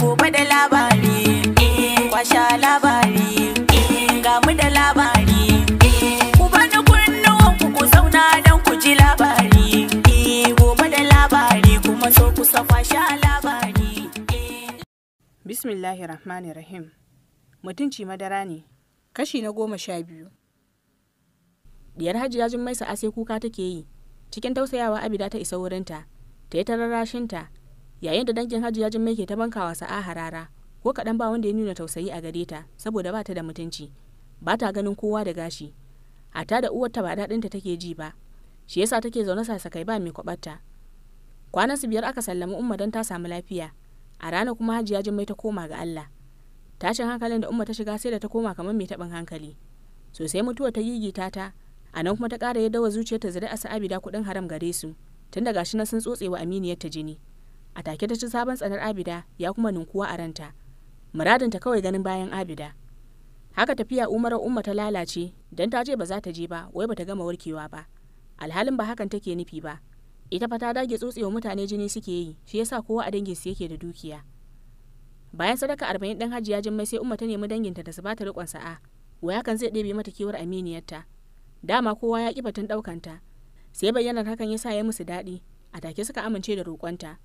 gobe da labari eh, kwasha labari eh, ga mu da labari eh, ku bani kunnuwan ku ku zauna don ku ji labari gobe da labari kuma so ku kwasha labari bismillahir rahmanir rahim mutunci madara ne kashi na goma sha biyu diyar hajiya jummai sa'a sai kuka take yi cikin tausayawa abida ta isa wurinta ta yi tararrashinta yayin da dangin hajiya mai ke ta bankawa sa'a harara ko kaɗan ba wanda ya nuna tausayi a gare ta saboda ba ta da mutunci ba ta ganin kowa da gashi A ta da uwarta ba daɗinta take ji ba shi yasa take zaune sasakai ba mai kwabarta kwanan su biyar aka sallami umma don ta samu lafiya a rana kuma hajiya mai ta koma ga Allah tashin hankalin da umma ta shiga sai da ta koma kamar mai taɓin hankali sosai mutuwar ta gigita ta a nan kuma ta ƙara yadda wa zuciyarta sa'abi da kuɗin haram gare su tun da gashi na sun tsotsewa aminiyar ta jini a take ta ci sabon tsanar abida ya kuma ninkuwa a ranta muradinta kawai ganin bayan abida haka tafiya umar umma ta lalace don ta je ba za ta je ba wai ba ta gama warkewa ba alhalin ba hakan take nufi ba ita fa ta dage tsotsewa mutane jini suke yi shi yasa kowa a dangin su yake da dukiya bayan sadaka arba'in dan hajiya jimmai sai umma ta nemi danginta da su bata rikon sa'a wa hakan zai ɗebe mata kewar aminiyarta dama kowa ya ƙi batun ɗaukanta sai bayyanar hakan yasa ya musu daɗi a take suka amince da roƙonta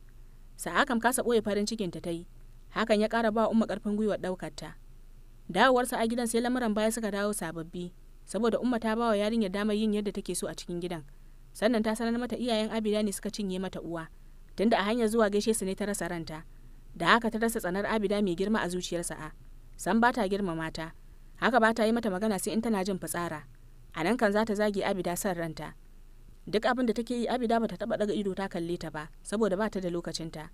Sa'a kam kasa ɓoye farin cikinta ta yi, hakan ya ƙara ba Umma karfin gwiwar ɗaukar ta. Dawowarsa a gidan sai lamuran baya suka dawo sababbi, saboda Umma ta ba wa yarinyar damar yin yadda take so a cikin gidan. Sannan ta sanar mata iyayen Abida ne suka cinye mata uwa, tunda a hanyar zuwa gaishe su ne ta rasa ranta. Da haka ta rasa tsanar Abida mai girma a zuciyar sa'a. San ba ta girma mata haka ba ta yi mata magana sai in tana jin fitsara. A nan kan za ta zage Abida san ranta. duk abin da take yi abida bata taba daga ido ta kalle ta ba saboda bata da lokacinta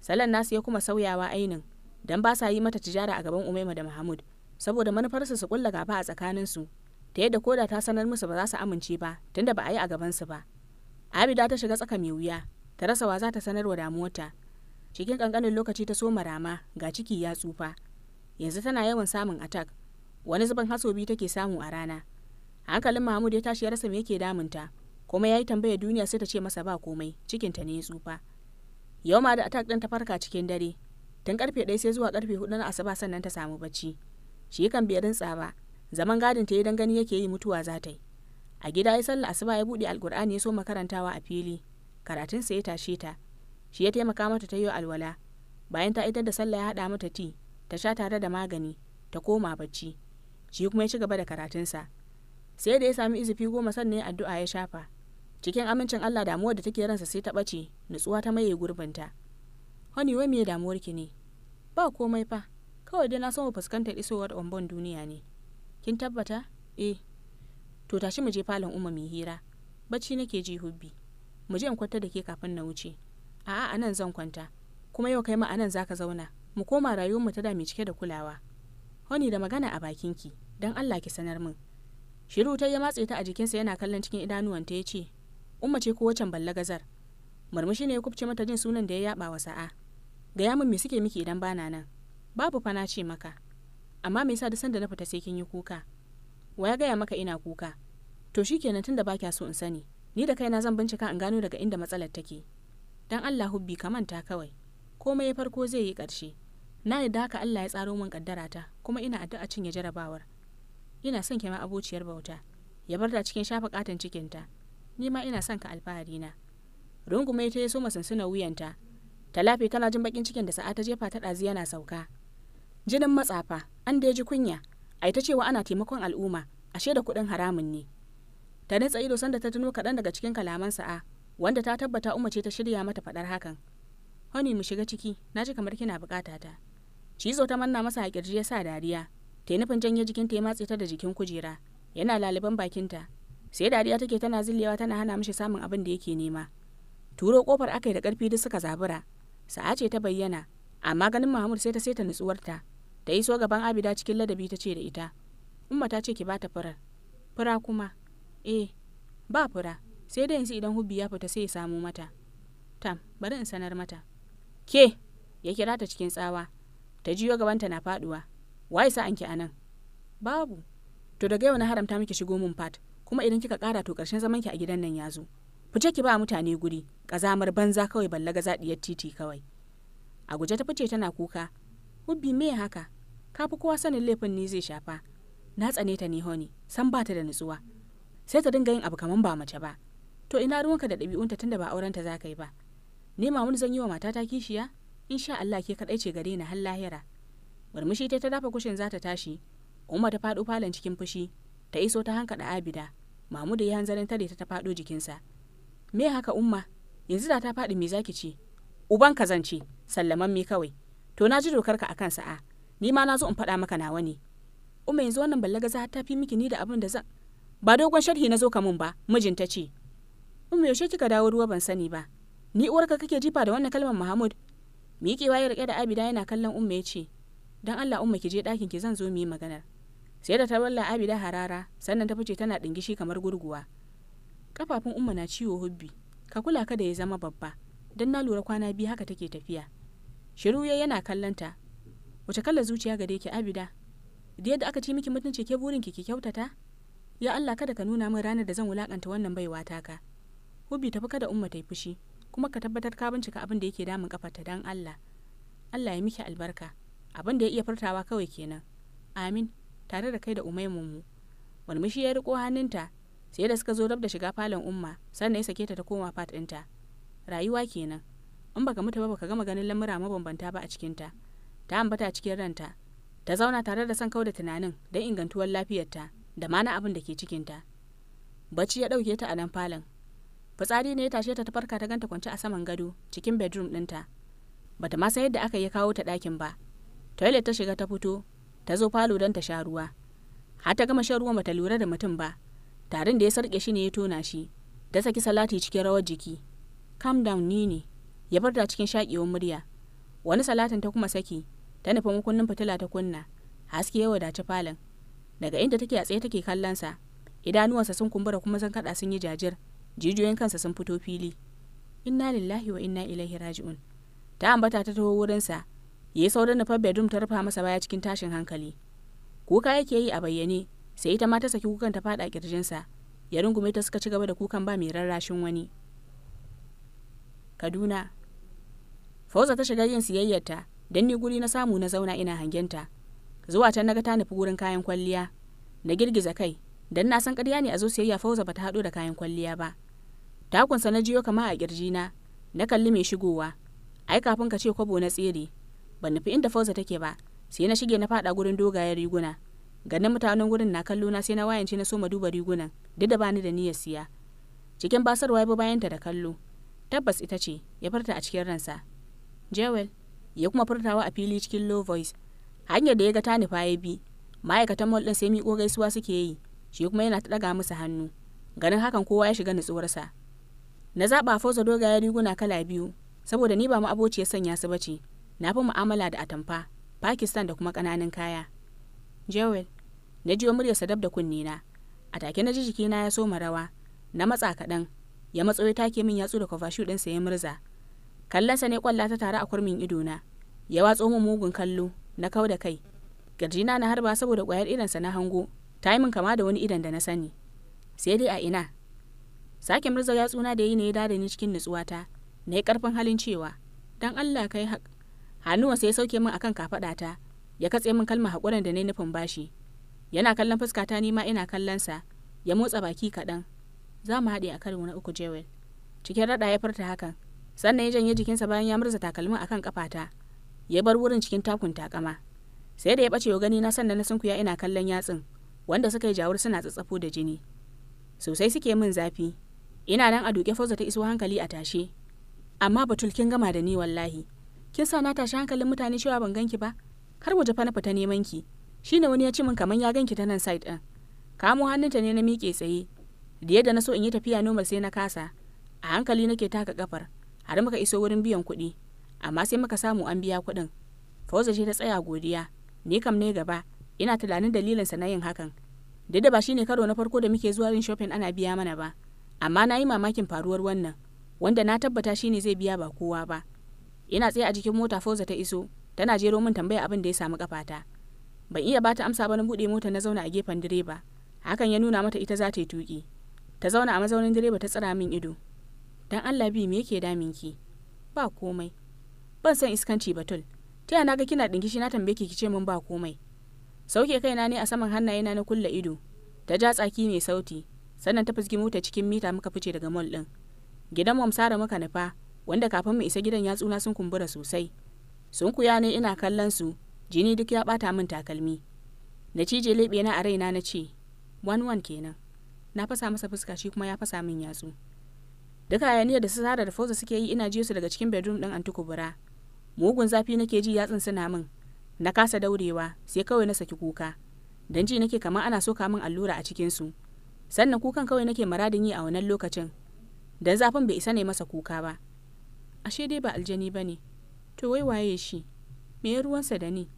salan nasu ya kuma sauyawa ainin dan ba sa yi mata tijara a gaban umaima da mahmud saboda manufarsa su kulla gaba a su ta yadda koda ta sanar musu ba za su amince ba tunda ba a yi a gaban su ba abida ta shiga tsaka mai wuya ta rasa wa za ta sanar wa damuwarta cikin kankanin lokaci ta soma rama ga ciki ya tsufa yanzu tana yawan samun atak wani zuban hasobi take samu a rana hankalin mahmud ya tashi ya rasa me yake damunta kuma ya yi tambaya duniya sai ta ce masa ba komai cikinta ne ya tsufa yau ma da atak ɗin ta farka cikin dare tun karfe ɗaya sai zuwa karfe hudu na asuba sannan ta samu bacci shi kan bai rintsa ba zaman gadin ta yi dan gani yake yi mutuwa za ta yi a gida ya sallah asuba ya buɗe alkur'ani ya so makarantawa a fili karatunsa ya tashe ta shi ya taimaka mata ta yi alwala bayan ta idar da sallah ya haɗa mata ti ta sha tare da magani ta koma bacci shi kuma ya ci gaba da karatunsa sai da ya sami izifi goma sannan addu'a ya shafa cikin amincin Allah damuwar da take ransa sai ta ɓace nutsuwa ta maye gurbinta honey wai me damuwar ki ne ba komai fa kawai dai na san mu fuskantar isowar ombon duniya ne kin tabbata eh to tashi mu je falon umma mu hira bacci nake ji hubbi mu je in kwanta da ke kafin na wuce a'a nan zan kwanta kuma yau kai ma anan zaka zauna mu koma rayuwar mu ta da mai cike da kulawa honey da magana a bakinki dan Allah ki sanar min shiru ta ya matse ta a jikinsa yana kallon cikin idanuwanta ya ce umma ce ko wacan balla gazar murmushi ne ya kubce mata jin sunan da ya yaba wa sa'a gaya min me suke miki idan bana nan babu fa na ce maka amma me yasa san da na fita sai kin yi kuka wa ya gaya maka ina kuka to shikenan tunda ba kya so in sani ni da kaina zan bincika in gano daga inda matsalar take dan Allah hubbi ka manta kawai komai ya farko zai yi ƙarshe na yi haka Allah ya tsaro min kaddara ta kuma ina addu'a cinye jarabawar ina son kema abociyar bauta ya bar da cikin shafa katon cikinta ni ma ina son ka alfahari na rungume ta ya so masunsuna wuyanta ta lafe tana jin bakin cikin da sa'a ta jefa ta ɗazi yana sauka jinin matsafa an da ji kunya a ita cewa ana taimakon al'umma ashe da kuɗin haramun ne ta nitsa ido sanda ta tuno kaɗan daga cikin kalaman sa'a wanda ta tabbata umma ce ta shirya mata faɗar hakan honi mu shiga ciki na ji kamar kina buƙata ta cizo ta manna masa a ƙirji ya sa dariya ta nufin janye ta ya matse ta da jikin kujera yana laliban bakinta sai dariya take tana zillewa tana hana mishi samun abin da yake nema turo kofar aka yi da karfi duk suka zabura sa'a ce ta bayyana amma ganin mahamud sai ta saita nutsuwarta ta iso gaban abida cikin ladabi ta ce da ita umma ta ce ki bata furar fura kuma eh ba fura sai da yanzu idan hubbi ya fita sai ya samu mata tam bari in sanar mata ke ya kira ta cikin tsawa ta jiyo ta na faduwa wai sa anki anan babu to daga yau na haramta miki shigo mun fat kuma idan kika kara to karshen zaman ki a gidan nan ya zo fice ki ba mutane guri kazamar banza kawai ballaga zaɗiyar titi kawai a guje ta fice tana kuka hubbi me haka ka fi kowa sanin laifin ne zai shafa na tsane ta ne honi san ba ta da nutsuwa sai ta dinga yin abu kaman ba mace ba to ina ruwan ka da ɗabi'unta tunda ba aurenta za ka yi ba nema wani zan yi wa matata kishiya insha Allah ke kaɗai ce gare ni har lahira murmushi ta dafa kushin za ta tashi umma ta faɗo falon cikin fushi ta iso ta hankaɗa abida da ya hanzarin tare ta faɗo jikinsa. Me haka umma? Yanzu da ta faɗi me zaki ci? Uban ka zance, sallaman me kawai. To na ji dokar ka akan sa'a. Ni ma na zo in faɗa maka nawa ne. Umma yanzu wannan ballaga za ta fi miki ni da abin da zan Ba dogon sharhi na zo ka mun ba, mijin ta ce. Umma yaushe kika dawo ruwa ban sani ba. Ni uwarka kake jifa da wannan kalmar Mahmud? Miƙewa ya rike da Abida yana kallon Umma ya ce, don Allah Umma ki je ɗakin ki zan zo mu yi maganar." sai da ta balla abida harara sannan ta fice tana dingishi kamar gurguwa kafafun umma na ciwo hubbi ka kula ka da ya zama babba dan na lura kwana biyu haka take tafiya shiru ya yana kallanta wace kalla zuciya ga ki abida da yadda aka ci miki mutunci ke burinki ki ki kyautata ya Allah kada ka nuna min ranar da zan wulakanta wannan baiwa taka hubbi tafi kada umma ta yi fushi kuma ka tabbatar ka bincika abin da yake damun kafarta dan Allah Allah ya miki albarka abin da ya iya furtawa kawai kenan amin tare da kai da umaimunmu murmushi ya riko hannunta sai da suka zo dab da shiga falon umma sannan ya sake ta ta koma fat ɗinta rayuwa kenan in baka mutu ba baka gama ganin lamura mabambanta ba a cikinta ta ambata a cikin ranta ta zauna tare da san kau da tunanin don ingantuwar lafiyarta da mana abin da ke cikinta bacci ya ɗauke ta a nan falon fitsari ne ya tashe ta ta farka ta ganta kwance a saman gado cikin bedroom ɗinta bata ma san yadda aka yi kawo ta ɗakin ba toilet ta shiga ta fito ta zo falo don ta sha ruwa har ta gama shan ba ta lura da mutum ba tarin da ya sarke shi ne ya tona shi ta saki salati cikin rawar jiki calm down nini ya bar barta cikin shakewar murya wani salatin ta kuma saki ta nufi makunnin fitila ta kunna haske ya wadaci falon daga inda take a tsaye take kallon sa idanuwansa sun kumbura kuma zan kada sun yi jajir jijiyoyin kansa sun fito fili inna lillahi wa inna ilaihi raji'un ta ambata ta taho wurin sa ya yi saurin nufar bedroom ta rufa masa baya cikin tashin hankali kuka yake yi a bayyane sai ita ma ta saki kukan ta fada kirjinsa ya rungume ta suka ci gaba da kukan ba mai rarrashin wani kaduna fauza ta shiga yin siyayyarta don ni guri na samu na zauna ina hangenta zuwa can naga ta nufi gurin kayan kwalliya na girgiza kai don na san karya ne a zo siyayya fauza bata haɗo da kayan kwalliya ba takunsa na jiyo kama a kirjina na kalli mai shigowa ai kafin ka ce kwabo na tsere ban nufi inda fauza take ba sai na shige na fada gurin dogayen riguna ganin mutanen gurin na kallo na sai na wayance na so ma duba rigunan duk da bani da niyyar siya cikin basarwa ya bi bayanta da kallo tabbas ita ce ya furta a cikin ransa jewel ya kuma furtawa a fili cikin low voice hanyar da ya ga ta nufa ya bi ma'aikatan mall din sai miƙo gaisuwa suke yi shi kuma yana ta ɗaga musu hannu ganin hakan kowa ya shiga nutsuwarsa na zaɓa fauza dogayen riguna kala biyu saboda ni ba ma ya sanya su ba ce. na fi mu'amala da atamfa pakistan da kuma ƙananan kaya jewel na jiyo muryarsa dab da kunnena a take na ji jikina ya soma rawa na matsa kaɗan ya matso ya take min yatsu da kwafashu ɗinsa ya murza kallansa ne kwalla ta tare a kurmin idona ya watso min mugun kallo na kau da kai gajina na harba saboda ƙwayar sa na hango ta yi min kama da wani idan da na sani sai dai a ina sake murza yatsuna da yi ne ya dada ni cikin nutsuwata na yi ƙarfin halin cewa dan allah kai haƙ hannuwansa ya sauke min akan kafaɗata ya katse min kalmar haƙurin da na nufin bashi yana kallon fuskata ni ma ina sa. ya motsa baki kaɗan za mu haɗe a karo na uku jewel cikin raɗa ya furta hakan sannan ya janye jikinsa bayan ya murza takalmin akan kafata ya bar wurin cikin takun takama sai da ya ɓace gani na sannan na sunkuya ina kallon yatsin wanda suka yi jawur suna tsatsafo da jini sosai suke min zafi ina nan a duke fauza ta iso hankali a tashe amma batul kin gama da ni wallahi kin sa na tashi hankalin mutane cewa ban ganki ba Kar waje fa na fita neman ki Shi shine wani ya ci min kaman ya ganki ta nan site din kamo hannunta ne na miƙe tsaye da yadda na so in yi tafiya normal sai na kasa a hankali nake taka kafar har muka iso wurin biyan kuɗi amma sai muka samu an biya kuɗin fauza ce ta tsaya godiya ni kam ne gaba ina tunanin dalilin sa na yin hakan duk da ba shine karo na farko da muke zuwa yin shopping ana biya mana ba amma na yi mamakin faruwar wannan wanda na tabbata shine zai biya ba kowa ba Ina tsaye a jikin mota foza ta iso, tana jero min tambaya abin da ya samu kafata. Ban iya bata amsa ba na buɗe mota na zauna a gefen direba. Hakan ya nuna mata ita za ta yi tuki. Ta zauna a mazaunin direba ta tsara min ido. Dan Allah bi me yake damin ki? Ba komai. Ban san iskanci batul. Ta yana ga kina dingishi na tambaye ki kice min ba komai. Sauke kaina ne a saman hannayena na kulla ido. Ta ja tsaki mai sauti, sannan ta mota cikin mita muka fice daga mall din. Gidan Mamsara muka nufa, wanda kafin mu isa gidan yatsuna sun kumbura sosai sun kuya ne ina kallon su jini duk ya bata min takalmi na cije leɓe na a raina na ce one one kenan na fasa masa fuska shi kuma ya fasa min yatsu duka yaniya da su sada da fosa suke yi ina jiyo su daga cikin bedroom din anti mugun zafi nake ji yatsun suna min na kasa daurewa sai kawai na saki kuka dan ji nake kamar ana soka min allura a cikin su sannan kukan kawai nake maradin yi a wannan lokacin dan zafin bai isa ne masa kuka ba ashe dai ba aljani ba ne to wai waye shi me ya ruwansa da ni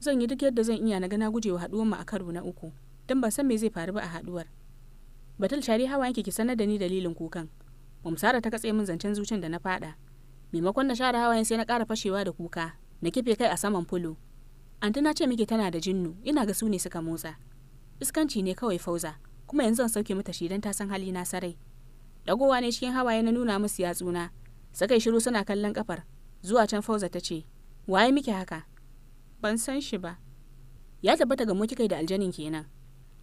zan yi duk yadda zan iya na gana gujewa haɗuwan mu a karo na uku don ban san me zai faru ba a haduwar batul share hawa yake ki sanar da ni dalilin kukan Mamsara ta katse min zancen zuciyar da na fada maimakon na share hawayen sai na ƙara fashewa da kuka na kife kai a saman fulo anti na ce miki tana da jinnu ina ga su ne suka motsa iskanci ne kawai fauza kuma yanzu zan sauke mata shi dan ta san hali na sarai dagowa ne cikin hawaye na nuna musu yatsuna sakai shiru suna kallon kafar. Zuwa can Fauza ta ce, "Waye muke haka?" Ban san shi ba. Ya tabbata ga mu kika da aljanin kenan.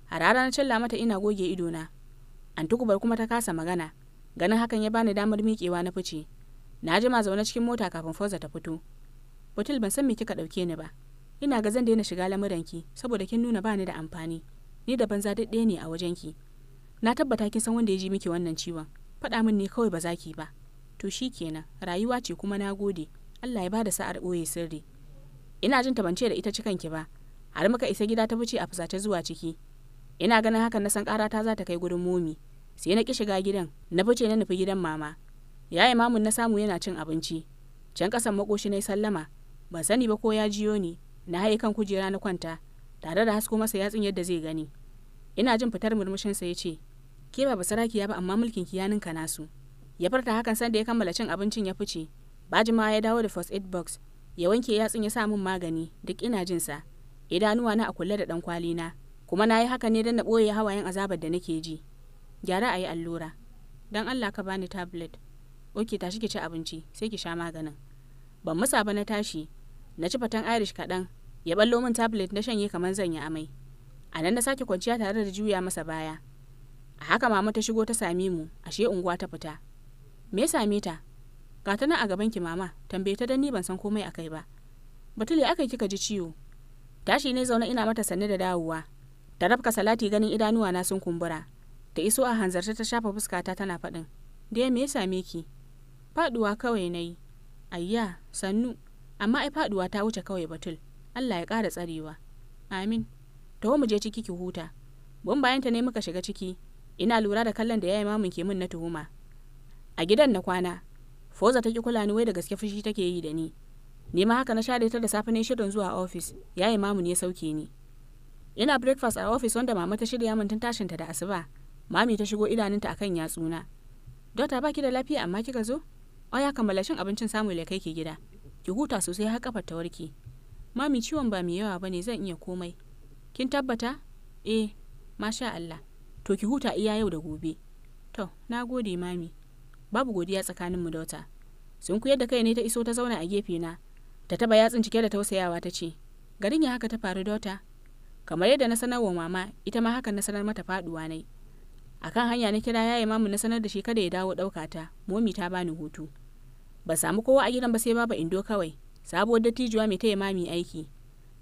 Harara na can mata ina goge idona. Antukubar kuma ta kasa magana. Ganin hakan ya bani damar miƙewa na fice. Na jima zaune cikin mota kafin Fauza ta fito. Butul ban san me kika ɗauke ni ba. Ina ga zan daina shiga lamuranki saboda kin nuna bani da amfani. Ni da banza daɗe ne a wajen ki. Na tabbata kin san wanda ya ji miki wannan ciwon. Faɗa min ne kawai ba za ki ba. to shi kenan rayuwa ce kuma na gode allah ya bada sa'ar ɓoye sirri ina jin tabance da ita cikanki ba har muka isa gida ta fice a fusace zuwa ciki ina ganin hakan na san ƙara ta za ta kai gurin momi sai na ki shiga gidan na fice na nufi gidan mama yaya mamun na samu yana cin abinci can ƙasan makoshi na sallama ban sani ba ko ya jiyo ni na haye kan kujera na kwanta tare da hasko masa yatsun yadda zai gani ina jin fitar murmushinsa ya ce ke ba basarakiya ba amma mulkin ki ya ninka nasu ya furta hakan sanda ya kammala cin abincin ya fice bajima ya dawo da first aid box ya wanke yatsun ya sa min magani duk ina jin sa idanuwa na a kulle da dan kwali na kuma na yi haka ne dan na boye hawayen azabar da nake ji gyara a yi allura dan Allah ka bani tablet oke tashi ki ci abinci sai ki sha maganin ban musa ba na tashi na ci fatan Irish kaɗan ya ballo min tablet na shanye kamar zan yi amai a nan na sake kwanciya tare da juya masa baya a haka mama ta shigo ta same mu ashe unguwa ta fita me ya same ta ga ta nan a gaban ki mama tambaye ta dan ni ban san komai kai ba batule yi kika ji ciwo tashi ne zaune ina mata sanne da dawowa ta rafka salati ganin idanuwa na sun kumbura ta iso a hanzarta ta shafa fuska ta tana faɗin ya me ya same ki faduwa kawai nayi ayya sannu amma ai faduwa ta wuce kawai batul Allah ya ƙara tsarewa amin To mu je ciki ki huta bun bayanta ne muka shiga ciki ina lura da kallon da yayi mamun ke mun na tuhuma a gidan na kwana foza ta ki kula ni wai da gaske fushi take yi da ni ni ma haka na share ta da safe ne shirin zuwa ofis ya mamu ne sauke ni ina breakfast a ofis wanda mama ta shirya min tun tashin ta da asuba mami ta shigo idanunta akan yatsuna dota baki da lafiya amma kika zo oh, ya kammala shin abincin samu ya kai ki gida ki huta sosai har kafar ta warke mami ciwon ba mai yawa bane zan iya komai kin tabbata eh masha Allah to ki huta iya yau da gobe to nagode mami babu godiya tsakaninmu da wata sun kuyar da kai ne ta iso ta zauna a gefe na ta taba yatsun cike da tausayawa ta ce garin ya haka ta faru dota kamar yadda na sanarwa mama ita ma hakan na sanar mata faduwa nai akan hanya na kira yayi mamu na sanar da shi kada ya dawo dauka ta momi ta bani hutu ba samu kowa a gidan ba sai baba indo kawai sabuwar dattijuwa mai taya mami aiki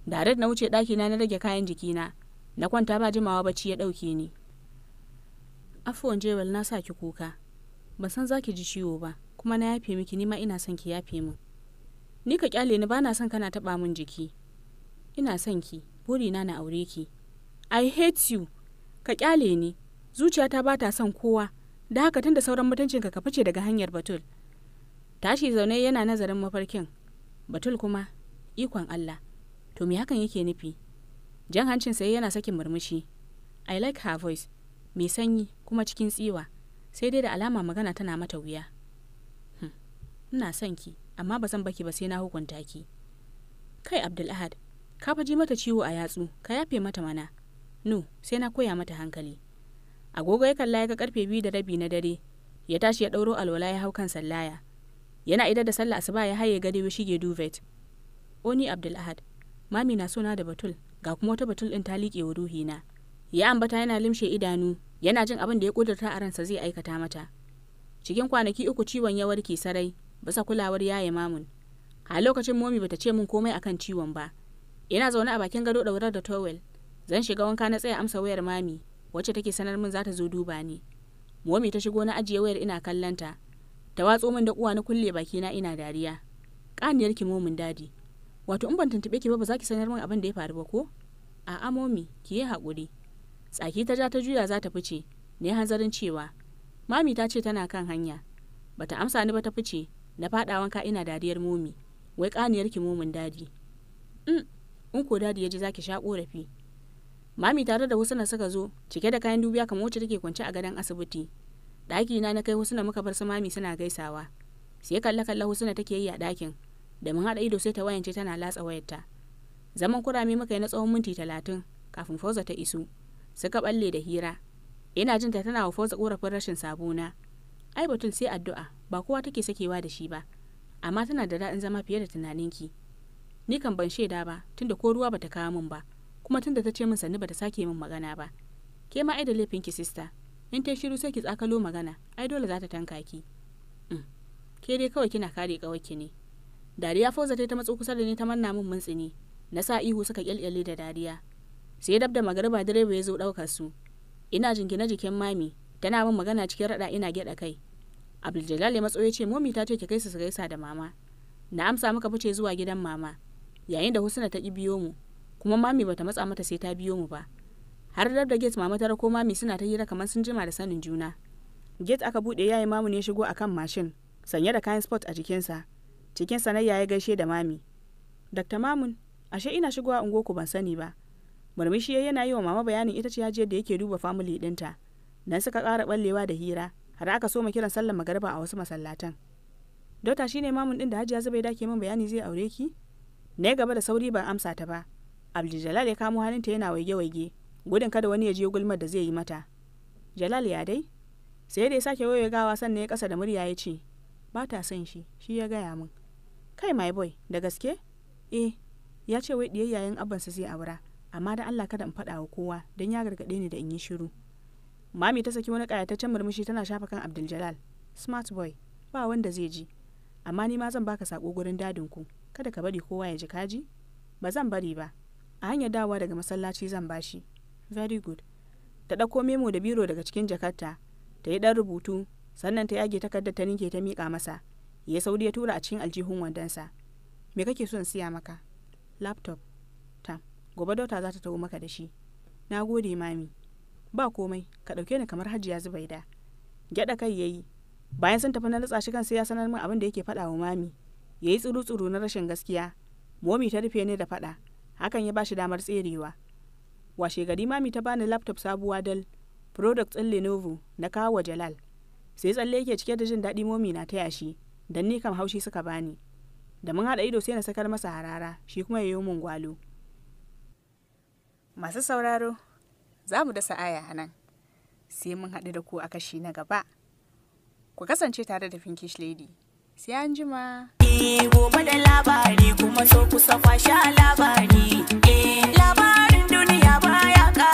da na wuce daki na na rage kayan jikina na kwanta ba jimawa bacci ya dauke ni afuwan jewel na sa ki kuka ba san zaki ji ciwo ba kuma na yafe miki nima ina son ki yafe min ni ka kyale ni bana son kana taba min jiki ina son ki buri na na aure ki i hate you ka kyale ni zuciyata ba ta son kowa da haka tunda sauran mutuncinka ka fice daga hanyar batul tashi zaune yana nazarin mafarkin batul kuma ikon allah to me hakan yake nufi jan hancin sai yana sakin murmushi i like her voice mai sanyi kuma cikin tsiwa sai dai da alama magana tana mata wuya hmm, ina son ki amma ba zan baki ba sai na hukunta ki kai abdul ahad ka faji mata ciwo a yatsu ka yafe mata mana nu sai na koya mata hankali agogo ya kalla ya ga karfe biyu da rabi na dare ya tashi ya ɗauro alwala ya hau kan sallaya yana idar da sallah asuba ya haye gade ya shige duvet oni abdul ahad mami na so na da batul ga kuma wata batul din ta liƙe wa ruhina ya ambata yana limshe idanu yana jin abin da ya kudurta a ransa zai aikata mata cikin kwanaki uku ciwon ya warke sarai bisa kulawar yaye mamun a lokacin momi bata ce min komai akan ciwon ba ina zaune a bakin gado daurar da towel zan shiga wanka na tsaya amsa wayar mami wacce take sanar min za zo duba ni momi ta shigo na ajiye wayar ina kallanta ta watso min da uwa na kulle baki na ina dariya kaniyar ki momin dadi wato in ban tuntube ki ba ba za ki sanar min abin da ya faru ba ko a'a momi ki yi haƙuri tsaki ta ja ta juya za ta fice ne hanzarin cewa mami ta ce tana kan hanya bata amsa ni ba ta fice na faɗa wanka ina dariyar momi wai kaniyar ki momin dadi in mm, in ko dadi ya ji zaki sha korafi mami tare da wasu suka zo cike da kayan dubiya kamar wacce take kwance a gadon asibiti daki na na kai wasu muka bar su mami suna gaisawa sai kalle kalle wasu na take yi a dakin da mun hada ido sai ta wayance tana latsa wayarta zaman kurame muka yi na tsawon minti talatin kafin fauza ta iso. suka balle da hira ina jinta tana wafoza korafin rashin sabona ai batun sai addu'a ba kowa take sakewa da shi ba amma tana da daɗin zama fiye da tunaninki ni kan ban shaida ba tunda ko ruwa bata kawo min ba kuma tunda ta ce min sannu bata sake min magana ba ke ma ai da laifinki sista in ta shiru sai ki tsakalo magana ai dole za ta tanka ki mm. ke dai kawai kina kare kawaki ne dariya fauza ta matso kusa da ni ta manna min mun tsini na sa ihu suka kyalkyale da dariya sai dab da magariba direba ya zo ɗaukar su ina jingine jikin mami tana min magana cikin raɗa ina gyaɗa kai abdul ya matso ya ce momi ta ce ki kai su gaisa da mama na amsa muka fice zuwa gidan mama yayin da husna ta ki biyo mu kuma mami bata matsa mata sai ta biyo mu ba har dab da gate mama ta ko mami suna ta hira kamar sun jima da sanin juna gate aka bude yayi mamu ne shigo akan mashin sanye da kayan sport a jikinsa cikin sanayya ya gaishe da mami dr mamun ashe ina shigowa ku, ban sani ba murmushi yana yi wa mama bayanin ita ce hajiyar da yake duba famili ɗinta nan suka ƙara ɓallewa da hira har aka soma kiran sallar magariba a wasu masallatan dota shine mamun ɗin da hajiya zubai dake min bayani zai aure ki ne gaba da sauri ban amsa ta ba abdul ya kamo hannunta yana waige-waige gudun kada wani ya je gulmar da zai yi mata jalal ya dai sai da ya sake waye gawa sannan ya kasa da murya ya ce ba ta son shi shi ya gaya min kai my boy da gaske eh ya ce wai ɗiyayyayen abansa zai aura amma da Allah kada in faɗa wa kowa don ya gargaɗe ni da in yi shiru mami ta saki wani ƙayataccen murmushi tana shafa kan Abdul smart boy ba wanda zai ji amma ni ma zan baka sako gurin dadin ku kada ka bari kowa ya ji kaji ba zan bari ba a hanyar dawowa daga masallaci zan bashi very good ta ɗauko memo da biro daga cikin jakarta ta yi ɗan rubutu sannan ta yage takardar ta ninke ta miƙa masa ya sauri ya tura a cikin aljihun wandonsa me kake son siya maka laptop gobe dauta za ta taho maka da shi na gode mami ba komai ka ɗauke ni kamar hajiya zubaida gyaɗa kai yayi bayan sun tafi na nutsa shi kan sai ya sanar min abin da yake faɗa wa mami yayi tsuru tsuru na rashin gaskiya momi ta rufe ni da faɗa hakan ya ba shi damar tserewa washe gari mami ta bani laptop sabuwa dal product ɗin lenovo na kawo wa jalal sai tsalle yake cike da jin daɗi momi na taya shi dan ni kam haushi suka bani da mun haɗa ido sai na sakar masa harara shi kuma ya yi mun gwalo Masu sauraro, za mu dasa aya a nan, sai mun haɗu da ku a kashi na gaba. Ku kasance tare da Pinkish Lady, sai an jima. Eh, gobe da labari kuma so kusa kwashe labari, eh, labarin duniya baya